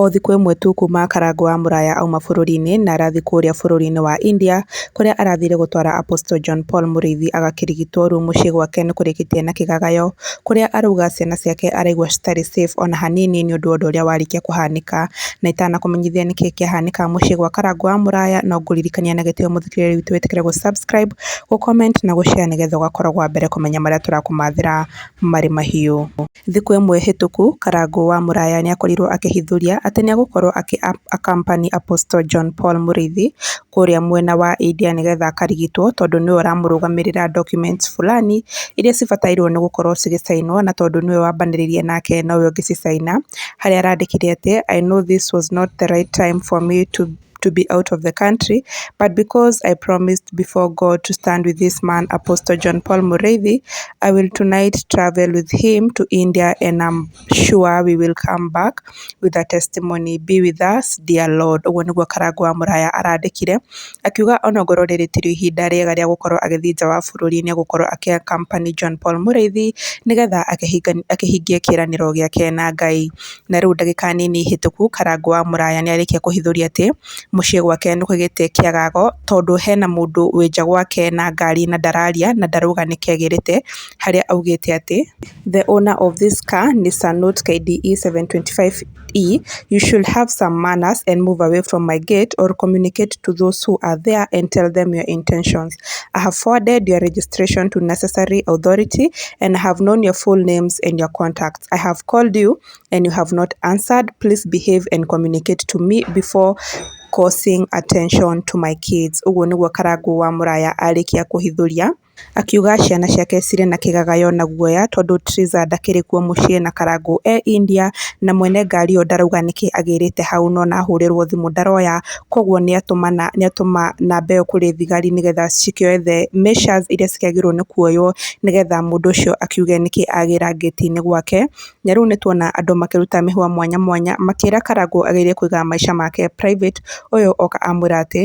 o thiku imwe tu kuma Karangũ wa Mũraya auma bũrũri-inĩ na arathiĩ kũrĩa bũrũri-inĩ wa India kũrĩa arathire gũtwara Apostle John Paul Mũrĩithi agakĩrigitwo rĩu mũciĩ gwake nĩkũrĩkĩtie na kĩgagayo kũrĩa arauga ciana ciake araigua citarĩ safe ona hanini nĩũndũ wa ũndũ ũrĩa warĩkia kũhanĩka na itanakũmenyithia nĩkĩĩ kĩahanĩka mũciĩ gwa Karangũ wa Mũraya no ngũririkania na gĩtĩo mũthikĩrĩria witũ wĩtĩkĩre gũsubscribe comment na gũshare nĩgetha ũgakorwo wa mbere kũmenya marĩa tũrakũmathĩra marĩ mahiũ. Thikũ ĩmwe hĩtũku Karangũ wa Mũraya nĩakorirwo akĩhithũria atĩ nĩegũkorwo akĩ-accompany Apostle John Paul Mũrithi kũrĩa mwena wa India nĩgetha akarigitwo tondũ nĩwe ũramũrũgamĩrĩra documents fulani iria cibatairwo nĩ gũkorwo cigĩcainwo na tondũ nĩwe wambanĩrĩirie nake nowe ũngĩcicaina harĩa arandĩkire atĩ I know this was not the right time for me to to be out of the country, but because I promised before God to stand with this man, Apostle John Paul Mureithi, I will tonight travel with him to India and I'm sure we will come back with a testimony. Be with us, dear Lord. Uguo niguo Karagwa Muraya arandikire akiuga ona gorwo riritirio ihinda ria gukorwo nja wa John Paul na Ngai na nini Karagwa mucii gwake ni kwigite kiagago tondu hena mundu wi nja gwake na ngari na ndararia na ndaruga ni kiagirite haria augite ati the owner of this car Nissan Note KDE 725e e, you should have some manners and move away from my gate or communicate to those who are there and tell them your intentions I have forwarded your registration to necessary authority and I have known your full names and your contacts I have called you and you have not answered please behave and communicate to me before causing attention to my kids", ũguo nĩguo Karangũ wa Muraya arĩkia kũhithũria Akiuga ciana ciake cirĩ na kĩgagayo na guoya tondũ Triza ndakĩrĩ kuo mũciĩ na Karangũ e India na mwene ngari ĩyo ndarauga nĩkĩ agĩrĩte hau no nahũrĩrwo thimũ ndaroya kwoguo nĩatũma namba ĩyo kũrĩ thigari nĩgetha cikĩoe measures iria ciagĩrĩirwo nĩ kuoywo nĩgetha mũndũ ũcio akiuge nĩkĩ agĩra ngĩti-inĩ gwake. Na rĩu nĩtuona andũ makĩruta mĩhũa mwanya mwanya makĩĩra Karangũ agerie kũiga maica make private ũyũ oka amwĩra atĩ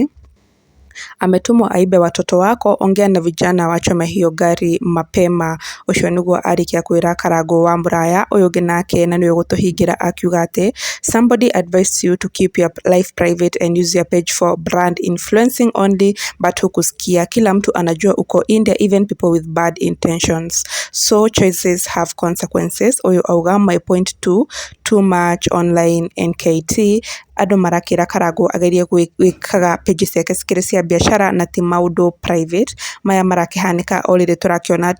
Ametumwa aibe watoto wako, ongea na vijana wachome hiyo gari mapema ucio niguo arikia kwira karago wa Muraya uyu ungi nake na niwe gutuhingira akiuga ati somebody advised you to keep your life private and use your page for brand influencing only but hukusikia. Kila mtu anajua uko India even people with bad intentions so choices have consequences. Uyu auga my point too too much online nkt andå marakira karangå agerie gwikaga page ciake cikiri cia biacara na ti maå private maya ka o rä tå rakä ona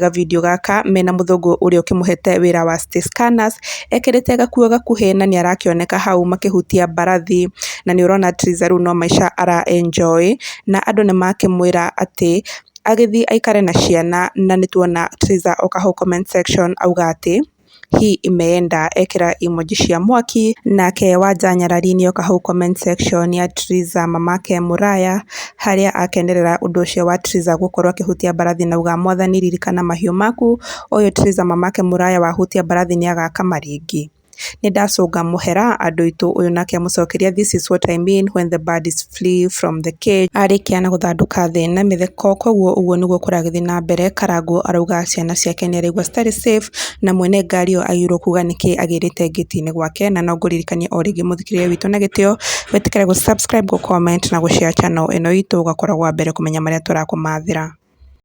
ga video gaka mena mũthũngũ ũrĩa ũkĩmũhete wĩra wa City Scanners ekĩrĩte gakuo gakuhä na arakä oneka hau hutia mbarathi na å ũrona Triza rĩu no maica ara enjoy na mwä ra atä agä thiä aikare na ciana na nä tuona Triza oka hau comment section auga atĩ hi imeenda ekera emoji cia mwaki nake wanja oka kahau comment section ya Triza mamake Muraya haria akenerera undu ucio wa Triza gukorwa kihutia mbarathi na uga mwathani ririkana mahiũ maku oyo Triza mamake Muraya wahutia mbarathi niagakama ringi Nindacũnga muhera andũ aitũ uyu nake amũcokeria this is what I mean when the birds flee from the cage arĩkia na gũthandũka thĩ na mĩtheko koguo ũguo nĩguo kũragĩthiĩ na mbere Karangũ arauga ciana ciake nĩaraigua citarĩ safe na mwene ngari ĩyo agĩrĩirwo kuga nĩkĩ agĩrĩte ngĩti-inĩ gwake na no ngũririkanie o rĩngĩ mũthikĩrĩria witũ na gĩtĩo wĩtĩkĩre gũ subscribe gũ comment na gũ share channel ĩno itũ ũgakorwo wa mbere kũmenya marĩa tũrakũmathĩra